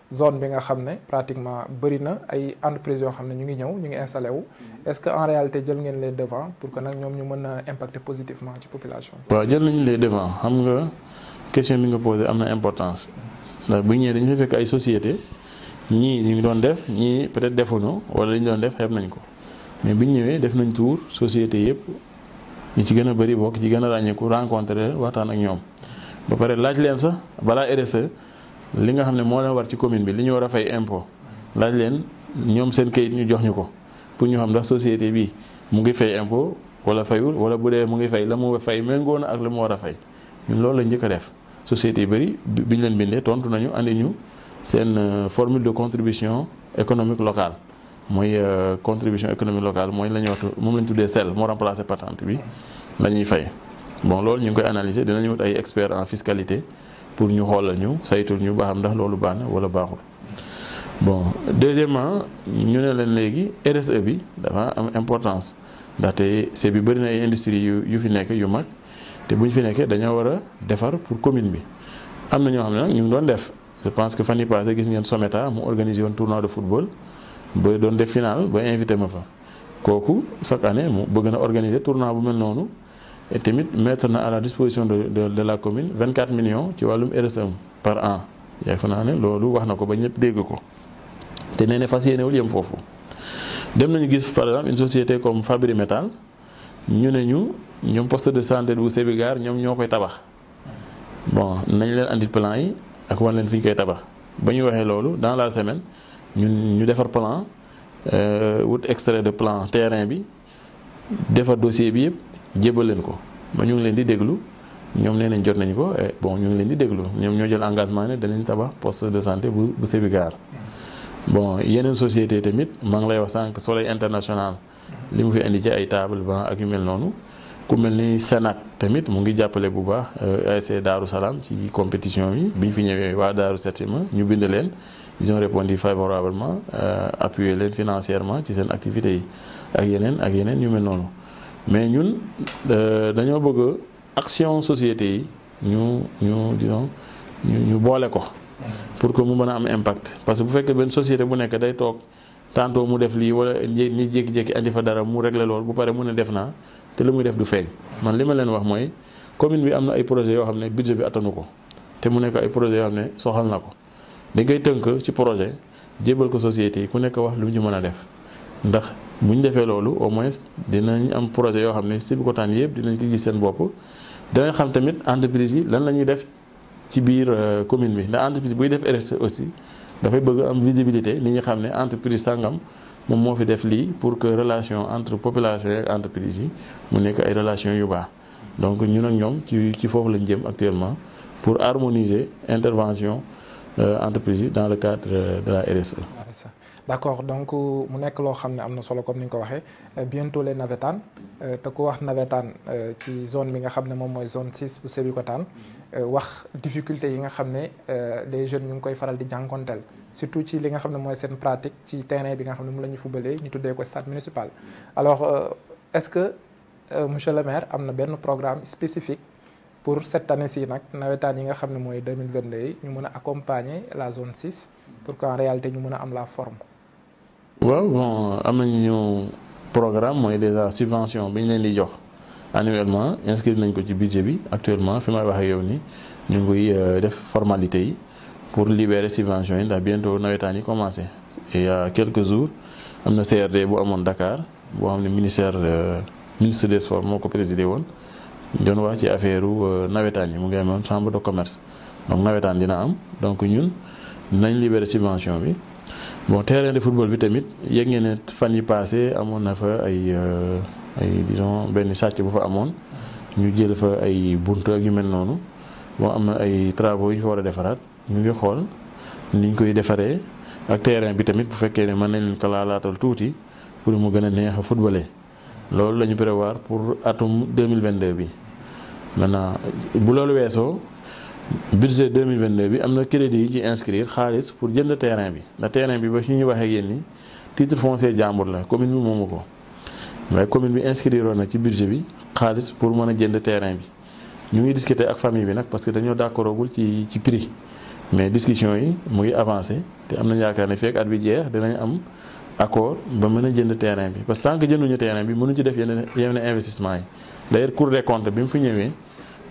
zone bi nga xam ne pratiquement bëri na ay entreprises yoo xam ne ñu ngi ñëw ñu ngi installé wu. Mm-hmm. est-ce que en réalité jël ngeen les devants pour que nag ñoom ñu mën a impacter positivement ci population bi. waaw jël nañu les devants xam nga question bi nga posé am na importance ndax bu ñëwee dañu fa fekk ay société ñii ñu ngi doon def ñii peut-être defuñu wala li ñu doon def xeeb nañ ko mais bu ñu ñëwee def nañ tour société yépp ñu ci gën a bëri bokk ci gën a ràññeeku rencontré waxtaan ak ñoom li nga xamne mo la war ci commune bi li ñu war fay impôt laaj leen ñom seen kayit ñu jox ñuko pour ñu xam ndax société bi mu ngi fay impôt wala fayul wala bu dee mu ngi fay la mu fay méngoo na ak la mu war fay ñun loolu la njëkk def société bari bëri bi ñu leen bindee tontu nañu andi ñu seen euh, formule de contribution économique locale mooy euh, contribution économique locale mooy lañu ñu wax moom lañ ñu tuddee sel moo remplacer patente bi la fay bon loolu ñu ngi koy analyser dinañu wut ay experts en fiscalité pour ñu xoolal ñu saytul ñu ba xam ndax loolu baax na wala baaxul bon deuxièmement ñu ne leen RSE bi dafa am importance ndaxte c'est bi bëri na ay industries yu yu fi nekk yu mag te bu ñu fi nekkee dañoo war a pour commune bi am na ñoo xam ne nag ñu doon def je pense que fan yii passé gis ngeen Someta mu organiser un tournoi de football ba doon def finale ba invité ma fa kooku chaque année mu bëgg na organiser tournoi bu mel noonu et tamit mettre na à la disposition de de de la commune 24 millions ci walum RSM par an yak naa ne loolu wax ko ba ñëpp dégg ko té néne na fas yéenewul yem dem nañu gis par exemple une société comme Fabri Metal ñu ne ñu ñoom poste de santé bu Sébigar ñom ñokoy tabax bon nañ leen andi plan yi ak wan leen fi koy tabax bañu waxé waxee dans la semaine ñun ñu defar plan euh, wut extrait de plan terrain bi defar dossier bi yëpp. jébal leen ko ma ñu ngi leen di déglu ñoom nee nañ jot nañ ko eh, bon ñu ngi leen di déglu ñoom ñoo jël engagement ne danañ tabax poste de santé bu bu Sébigar bon yeneen société tamit maa ngi lay wax sànq soleil international li mu fi indi ci ay table banc ak yu mel noonu ku mel ni Sénat tamit mu ngi jàppale bu baax eh, ASC Daaru Salaam ci compétition yi bi ñu fi ñëwee waa Daaru ma ñu bind leen ils ont répondu favorablement eh, appuyer leen financièrement ci seen activités yi ak yeneen ak yeneen yu mel noonu mais ñun euh, dañoo bëgg action société yi ñu ñu disons ñu ñu boole ko pour que mu mën a am impact parce que bu fekkee benn société bu nekk day toog tantôt mu def lii wala ni jékki-jékki andi fa dara mu régler loolu bu pare mu ne def naa te lu muy def du feeñ man li ma leen wax mooy commune bi am na ay projet yoo xam ne budget bi attanu ko te mu nekk ay projet yoo xam ne soxal na ko dañ koy tënk ci projet jébal ko société yi ku nekk wax lu mu mën a def ndax bu defee au moins dinañ am projet yoo xam ne en dinañ xam tamit entreprise la def euh, commune bi ndax entreprise visibilité pour que relation entre population et entreprise mu relation yu donc ñun ak qui ci actuellement pour harmoniser l'intervention euh, entreprise dans le cadre euh, de la RSE d'accord donc euh, mu nek lo xam amna solo comme ni ko euh, bientôt les Navetans, euh, te ko wax navétane ci zone bi nga xam mom moy zone 6 bu Sébikotane wax difficulté yi nga ne les jeunes ñu koy faral di surtout ci li nga xam moy sen pratique ci terrain bi nga xam ne mu la ñu fubalee ñu ko stade municipal alors est-ce que monsieur le maire amna ben programme spécifique pour cette année-ci nak nawetaan yi nga xam moy mooy 2022 ñu mën accompagner la zone 6 pour qu'en réalité ñu mën am la forme waaw bon amener nañu programme et des subventions bi ñu leen jox annuellement inscrit nañ ko ci budget bi actuellement fi ma waxee yow ni ñu ngi euh, def formalité yi pour libérer subventions yi ndax bientôt nawetaan commencé il y a quelques jours on na CRD bu amoon Dakar où xam ne ministère euh, ministre des sports moo ko présidé woon doon wax ci affaire euh, nawetaan yi mu ngi chambre de commerce donc nawetaan dina am donc ñun dinañ libérer subventions bi bon terrain de football bi tamit yëg ngeen ne fan yi passé amoon na fa ay euh, ay disons benn sàcc bu fa amoon ñu jël fa ay buntu ak yu mel noonu bon am na ay travaux yu ñu fa war a defaraat ñu ngi xool niñ koy defaree ak terrain bi tamit bu fekkee ne mën nañ leen tuuti pour mu gën a neex a footballé loolu la ñu prévoir pour atum deux mille vingt 2022 bi maintenant bu loolu weesoo budget 2022 bi am na crédit yi ci inscrire xaalis pour jënd terrain bi ndax terrain bi ba su ñuy waxee yéen ni titre foncier jàmbur la commune bi moomu ko mais commune bi inscriroon na ci budget bi xaalis pour mën a jënd terrain bi ñu ngi discuter ak famille bi nag parce que dañoo d'accordagul ci ci prix mais discussion yi mu ngi avancé te am na yaakaar ne fekk at bi jeex dinañ am accord ba mën a jënd terrain bi parce que tant que jënduñu terrain bi mënuñ ci def yenn yenn investissement yi d'ailleurs Cour bi mu fi ñëwee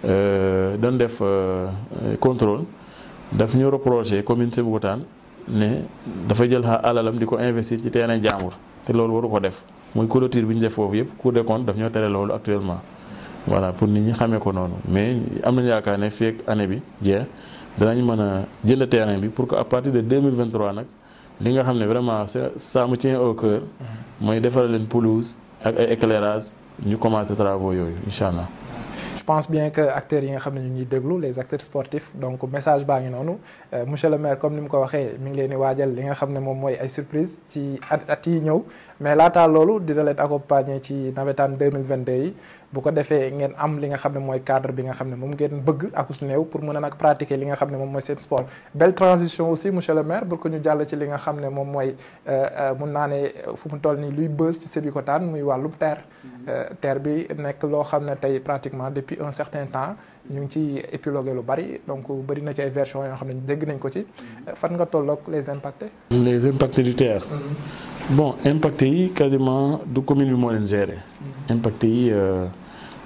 fait euh, def euh, contrôle daf ñu reproché commune Sébikotane ne dafa jël ha alalam diko investir ci terrain jàmbur un loolu waru ko def muy clôture bi ñu def fofu yépp Cour de compte daf ñoo loolu actuellement voilà pour nit ñi xamé ko mais am nañu yaakaar année bi jeex dañ a jël terrain bi pour que à partir de 2023 nak li nga xamné vraiment ça me tient au cœur moy mm-hmm. defaral leen pelouse ak ay éclairage ñu commencé travaux yoyu inshallah pense bien que acteurs yi nga xamné ne ñu ngi déglu les acteurs sportifs donc message baa ngi euh, monsieur le maire comme nim ko waxé mi ngi leen wadjal li nga xamné mom moy ay surprise ci at yi ñëw mais ta lolu dina leen accompagner ci navetane 2022 yi bu ko defee ngeen am li nga xam ne mooy cadre bi nga xam ne moom ngeen bëgg akus néew pour mën a nag pratiquer li nga xam ne moom mooy seen sport belle transition aussi monsieur le maire pour que ñu jàll ci li nga xam ne moom mooy euh, euh, mun naa ne fu mu toll nii luy bës ci Sébikotane muy wàllum terre mm-hmm. euh, terre bi nekk loo xam ne tey pratiquement depuis un certain temps ñu ngi ci épilogué lu bari donc bari na ci ay version yoo xam ne dégg nañ ko ci mm-hmm. fan nga tolloog les impactés les impacts du terre mm-hmm. bon impacté yi quasiment du commune bi moo leen géré impacté yi euh,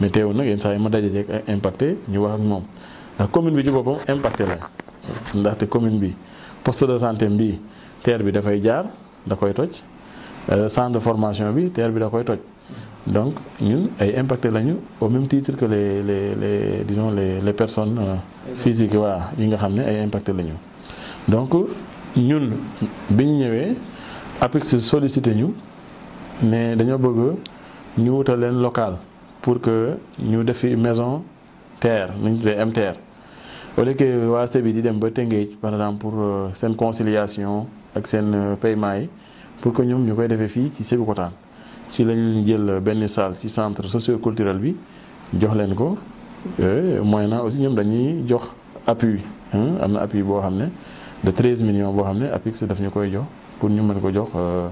mais teewul nag yenn saa ma daje impacté ñu wax ak moom commune bi ci boppam impacté la té commune bi poste de santé bi terre bi fay jaar da koy toj euh, centre de formation bi terre bi da koy toj donc ñun ay impacté lañu au même titre que les les les disons les les personnes euh, physiques wa yi nga xam ay impacté lañu donc ñun biñ ñu ñëwee sollicité ñu mais dañu bëgg ñu wutal leen local pour que ñu def fi maison terre ñu tuddee MTR au lieu que wa sébi di dem ba téngé par exemple pour euh, seen conciliation ak seen euh, paiement yi pour que ñom ñu défé fi ci ci Sébikotane ci la ñu jël benn salle ci centre socio-culturel bi jox leen ko moyennant aussi ñom dañuy jox appui hein amna appui bo xamné de 13 millions bo xamné appui ci daf ñu koy jox pour ñu mën ko jox euh,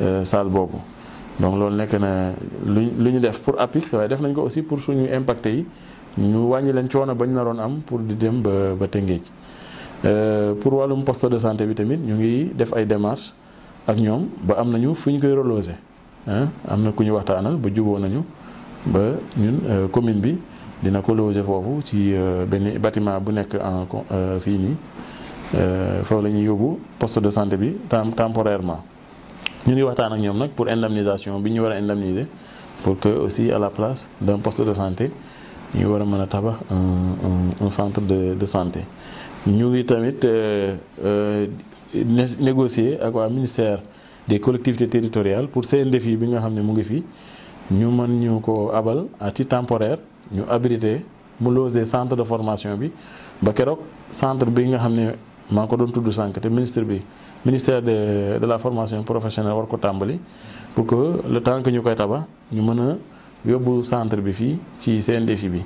euh salle bobu donc loolu nekk na lu lu ñu def pour APIX waaye def nañ ko aussi pour suñu impacté yi ñu wàññi leen coono ñu naroon am pour di dem ba ba Tëngéej euh, pour wàllum poste de santé bi tamit ñu ngi def ay démarches ak ñoom ba am nañu fu ñu koy reloger ah am na ku ñu waxtaanal ba juboo nañu ba ñun euh, commune bi dina ko foofu ci euh, benn bâtiment bu nekk en fii nii foofu la ñuy yóbbu poste de santé bi temporairement. ñu ngi waxtaan ak ñoom nag pour indemnisation bi ñu war a indemniser pour que aussi à la place d'un poste de santé ñu war a mën a tabax un un centre de de santé. ñu ngi tamit euh, euh, négocier ak waa ministère des collectivités territoriales pour CNDFI bi nga xam ne mu ngi fi ñu mën ñu ko abal à titre temporaire ñu abriter mu loger centre de formation bi ba keroog centre bi nga xam ne maa ko doon tudd sànq te ministre bi ministère de de la formation professionnelle war ko tambali pour que le temps que ñu koy tabax ñu mën a centre bi fi ci CNDF défi bi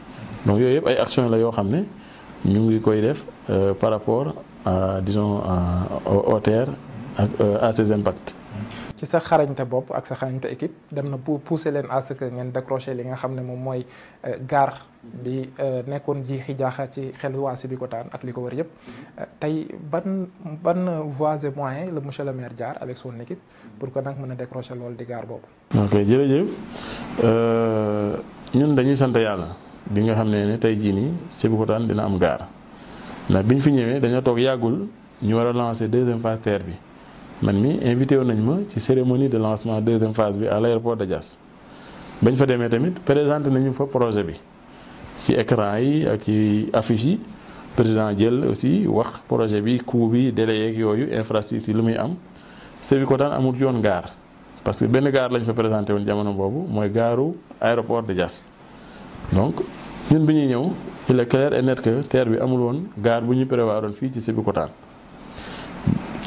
donc yooyu yëpp ay action la yo xamné ñu ngi koy def euh, par rapport à disons à au euh, à ses impacts. ci sa xarañte bopp ak sa xarañte équipe dem na pour pousser leen à que ngeen décrocher li nga xam ne moom mooy euh, gaar bi euh, nekkoon jiixi jaaxa ci xelu waa Sébikotane ak li ko war yëpp euh, tey ban ban voies et la monsieur le maire jaar avec son équipe pour que nag mën a décrocher loolu di gaar boobu. ok jërëjëf ñun dañuy sante yàlla bi nga xam ne ne tey jii nii Sébikotane dina am gaar ndax ñu fi ñëwee dañoo toog yàggul ñu war a lancer deuxième phase terre bi. man mi invité woon nañ ma ci cérémonie de lancement deuxième phase bi à l' aéroport de Diass bañ fa demee tamit présenté nañu fa projet bi ci écran yi ak ci affiche yi président jël aussi wax projet bi coût bi délai yeeg yooyu infrastructure lu muy am Sébikotane amul yoon gaar parce que benn gaar lañ fa présenté woon jamono boobu mooy gaaru aéroport de Diass donc ñun bi ñuy ñëw il est clair et net que terre bi amul woon gaar bu ñu prévoir woon fii ci Sébikotane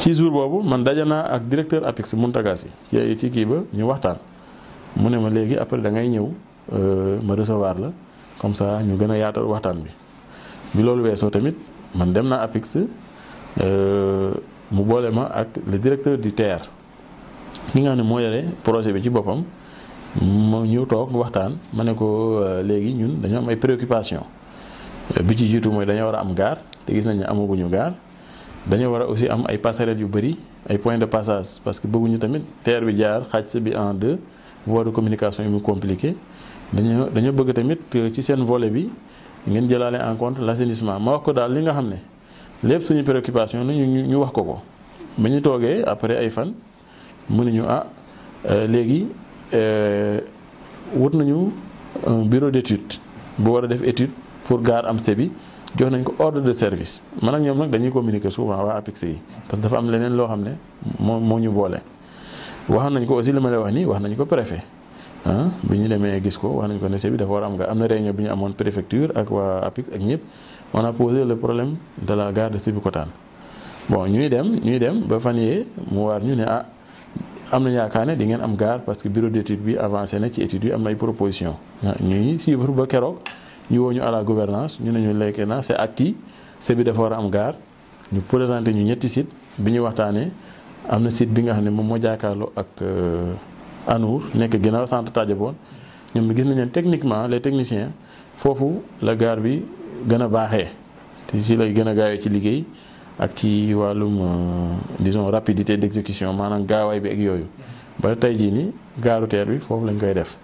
ci jour bobu man dajana ak directeur apex Mountaga Sy ci ci ki ba ñu waxtaan mu ne ma léegi après da ngay euh ma recevoir la comme ça ñu gëna yaatal waxtaan bi bi lolou weesoo tamit man dem apex euh mu ma ak le directeur du terre ki nga ne mo yoré projet bi ci bopam mo ñu tok waxtaan mané ko euh, légui ñun dañu am ay préoccupation bi ci jitu moy dañu wara am gar te gis nañ ne ñu gaar dañu wara aussi am ay passerelles yu bëri ay points de passage parce que bëgguñu tamit terre bi jaar xaaj bi en deux voie de communication yu mu compliqué dañu dañu bëgg tamit euh, ci seen volet bi ngeen jëlaale en compte l'assainissement assainissement ma wax ko daal li nga xam ne lépp suñu préoccupation la ñu ñu wax ko ko ba ñu toogee après ay fan mu ñu ah euh, léegi euh, wut nañu un bureau d' étude bu war a def étude pour gaar am se bi jox nañ ko ordre de service man ak ñom nak dañuy communiquer souvent wa apex yi parce que dafa am leneen lo xamne mo ñu bolé wax nañ ko aussi li wax ni wax nañ ko préfet ah biñu démé gis ko wax nañ ko ne bi dafa war am nga amna réunion biñu amone préfecture ak wa apex ak ñep on a posé le problème de la gare de bon ñuy dem ñuy dem ba fan mu war ñu né ah amna yakane di ngeen am gare parce que bureau d'étude bi avancé na ci étude yi am ay proposition ah, ñuy suivre ba kérok ñu woo ñu à la gouvernance ñu ne ñu lekkee na c'est acquis site bi dafa war a am gaar ñu présenté ñu ñetti site bi ñu waxtaanee am na site bi nga xam ne moom moo jaakaarloo ak euh, Anour nekk sant centre Tadjaboon ñoom gis nañu techniquement les technicien foofu la gaar bi gën a baaxee te ci lay gën a gaawee ci liggéey ak ci wàllum euh, disons rapidité d'exécution maanaam gaawaay bi ak yooyu ba tey jii ni gaaru teer bi foofu lañ koy def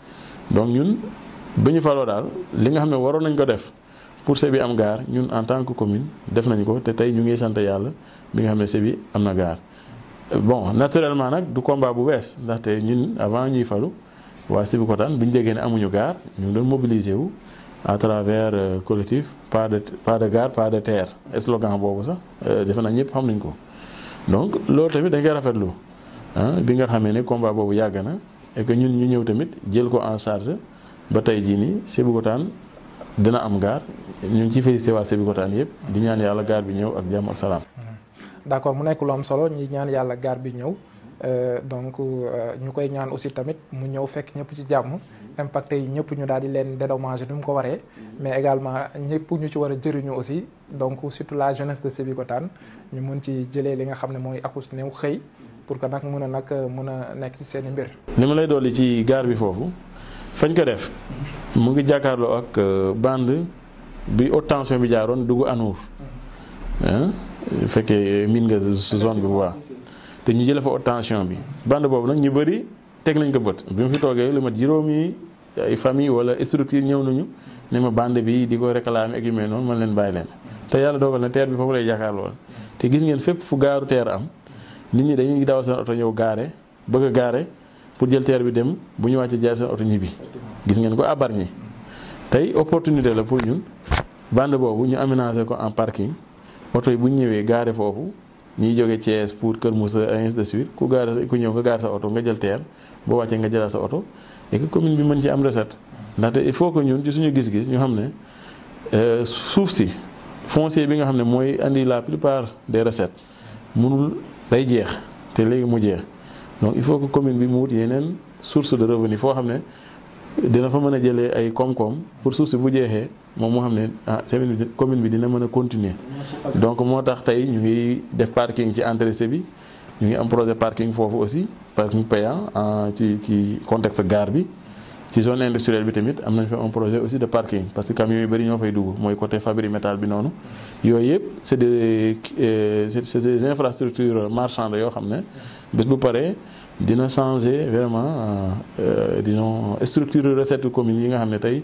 donc ñun ba ñu faloo daal li nga xam ne waroon nañ ko def pour Sébi am gar ñun en tant que commune def nañ ko te tey ñu ngi sant yàlla bi nga xam ne Sébi am na gaar. bon naturellement nag du combat bu wees ndaxte ñun avant ñuy falu waa Sébikotane bi ñu déggee ne amuñu gaar ñu doon mobiliser wu à travers euh, collectif pas de pas de gar pas de terre slogan boobu sax euh, defe naa ñëpp xam nañ ko. donc loolu tamit dañ koy rafetlu ah bi nga xamee ne combat boobu yàgg na et que ñun ñu ñëw tamit jël ko en charge. ba tey ni nii Sébikotane dina am gar ñu ci ciy wa waa Sébikotane yépp di ñaan yalla gar bi ñew ak jàmm ak d'accord mu nekk lu am solo ñi ñaan yalla gar bi ñew euh donc euh, ñu koy ñaan aussi tamit mu ñew fekk ñëpp ci jàmm impacté yi ñëpp ñu daal di leen dédommagé ni ko waré mais également ñëpp ñu ci wara a jëriñu aussi donc surtout la jeunesse de Sébikotane ñu mën ci jëlé li nga xamné moy mooy akus néew xëy pour que nak mëna nak mëna nekk ci seen mbir. ni ma lay doli ci gar bi fofu fañ ko def mu ngi jàkkaarloo ak euh, band bi haute tension bi jaaroon dugg Anour bu fekkee miin nga zone bi bu baax te ñu jëlee fa haute tension bi bande boobu nag ñu bëri teg nañ ko bët bi mu fi toogee lu mat juróomi ay famille wala structure ñëw nañu ne ma bande bi di ko réclamer ak yu mel noonu man leen bàyyi leen te yàlla dogal na teer bi foofu lay jàkkaarloo te gis ngeen fépp fu gaaru teer am nit ñi dañuy daaw seen oto ñëw gaare bëgg gaare pour jël teer bi dem bu ñu wàccee jaay seen oto ñibbi gis ngeen ko à Bargny tey opportunité la pour ñun bande boobu ñu aménager ko en parking oto yi bu ñu ñëwee gaare foofu ñuy jóge Thiès pour Kër Moussa sa de suite ku gaare ku ñëw nga gaar sa oto nga jël teer boo wàccee nga jëlaat sa oto et commune bi mën ci am recette ndaxte il faut que ñun ci suñu gis-gis ñu xam ne euh, suuf si foncier bi nga xam ne mooy andi la plupart des recettes mënul day jeex te léegi mu jeex. donc il faut que commune bi mu yenen source de revenu fo xamné dina fa mëna a ay koom-koom pour source bu jeexee mom moo xam ah commune bi dina mëna continuer donc motax tay ñu ngi def parking ci entrée bi ñu ngi am projet parking fofu aussi parking payant ci ci contexte gare bi ci zone industrielle bi tamit am nañ fa un projet aussi de parking parce que camion yu bari ñoo fay dugg mooy côté Fabri métal bi noonu yooyu yëpp c' est des euh, c' est des infrastructures marchandes yoo xam ne bés bu paree dina changer vraiment euh, disons structure recette commune yi nga xam ne tey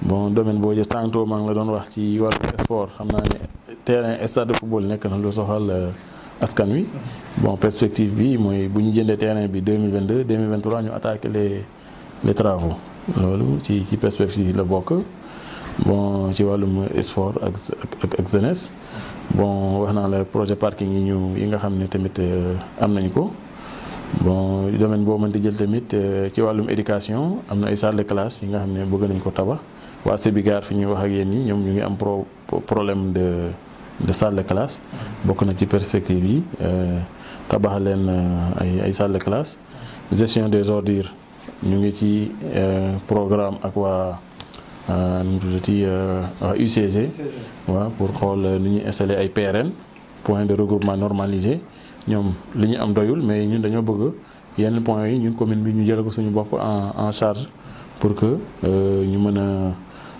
bon domaine bo jël tantôt mang la don wax ci walu sport xamna ni terrain stade de football nek na lu soxal euh, askan wi bon perspective bi moy buñu ñu terrain bi 2022 2023 ñu attaquer les les travaux loolu ci ci perspective la bokk bon ci wàllum sport ak ak jeunesse bon wax n'a le projet parking yi ñu yi nga xam tamit euh, am nañ ko bon domaine bo mën di jël tamit euh, ci walum éducation amna ay salle de classe yi nga xam bëgg nañ ko tabax waa Sébikar fi ñu wax ak yéen ñi ñoom ñu ngi am problème de de salle de classe bokku na ci perspective yi euh tabax leen euh, ay ay salle de classe gestion des ordures ñu ngi ci euh, programme ak waa euh, nu mu tuddati waa UCG wa pour xol nu ñu installer ay PRN point de regroupement normalisé ñom li ñu am doyul mais ñun dañoo bëgg yenn point yi ñun commune bi ñu jël ko suñu bopp en en charge pour que euh ñu mëna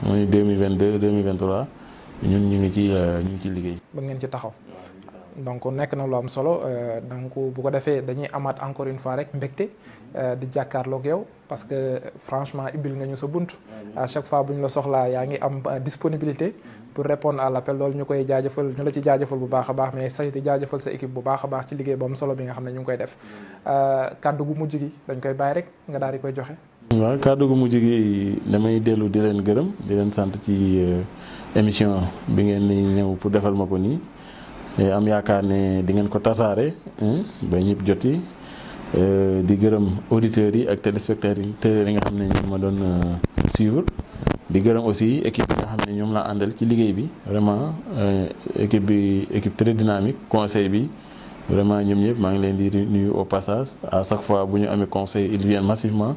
muy 2022 2023 ñun ñu ngi ci euh, ñu ngi ci liggéey. ba ngeen ci taxaw. donc nekk na lu am solo euh, donc bu ko defee dañuy amaat encore une fois rek mbégte euh, di jàkkaarloog yow parce que franchement ibbil nga ñu sa bunt à chaque fois bu ñu la soxla yaa ngi am disponibilité pour répondre à l'appel loolu ñu koy jaajëfal ñu la ci jaajëfal bu baax a baax mais say di jaajëfal sa équipe bu baax a baax ci liggéey bu am solo bi nga xam ne ñu ngi koy def kàddu gu mujj gi dañ koy bàyyi rek nga daal di koy joxe waaw kàddu gu mujj gi damay dellu di leen gërëm di leen sant ci euh, émission bi ngeen ni ñëw pour defal ma ko nii am yaakaar ne di ngeen ko tasaare ba ñëpp joti euh, di gërëm auditeurs yi ak téléspectateurs yi nga xam ne ñoom ma doon euh, suivre di gërëm aussi équipe bi nga xam ne ñoom laa àndal ci liggéey bi vraiment équipe bi équipe très dynamique conseil bi vraiment ñoom ñëpp maa ngi leen di nuyu au passage à chaque fois bu ñu amee conseil ils viennent massivement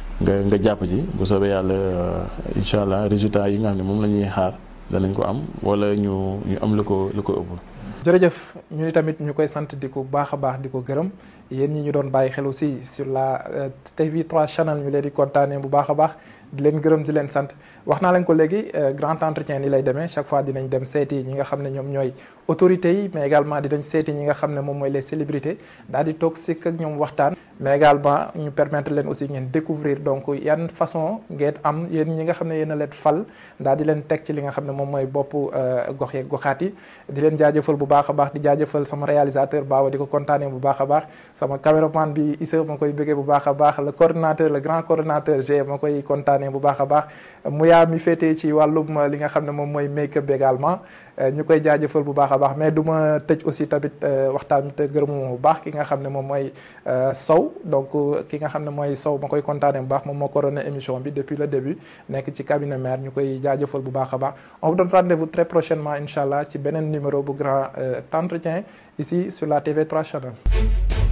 nga nga jàpp ci bu soobee yàlla euh, incha allah résultat yi nga xam ne moom lañuy ñuy xaar danañ ko am wala ñu ñu am lu ko lu ko ëpp. jërëjëf ñu ni tamit ñu koy sant di ko baax a baax di ko gërëm yéen ñi ñu doon bàyyi xelu si sur la euh, TV3 channel ñu leen di kontaanee bu baax a baax. di leen gërëm di leen sant wax naa leen ko léegi euh, grand entretien ni lay demee chaque fois dinañ dem seeti ñi nga xam ne ñoom ñooy autorités yi mais également dinañ seeti ñi nga xam ne moom mooy les célébrités daal di toog sikk ak ñoom waxtaan mais également ñu permettre leen aussi ngeen découvrir donc yan façon ngeen am yéen ñi nga xam ne yéen a leen fal daal di leen teg ci li nga xam ne moom mooy bopp euh, gox yeeg goxaat yi di leen jaajëfal bu baax a baax di jaajëfal sama réalisateur Baawa di ko kontaanee bu baax a baax koy bëggee bu baax baax le coordinateur le grand coordinateur G ma koy kontaan waxtaanee bu baax a baax Mouya mi féetee ci wàllum li nga xam ne moom mooy make-up également euh, ñu koy jaajëfal bu baax a baax mais du ma tëj aussi tamit euh, waxtaan te gërëmuma bu baax ki nga xam ne moom mooy euh, Sow donc ki nga xam ne mooy Sow ma koy kontaanee bu baax moom moo coordonné émission bi depuis le début nekk ci cabinet maire ñu koy jaajëfal bu baax a baax on vous donne rendez-vous très prochainement incha allah ci beneen numéro bu grand entretien ici sur la TV3 Channel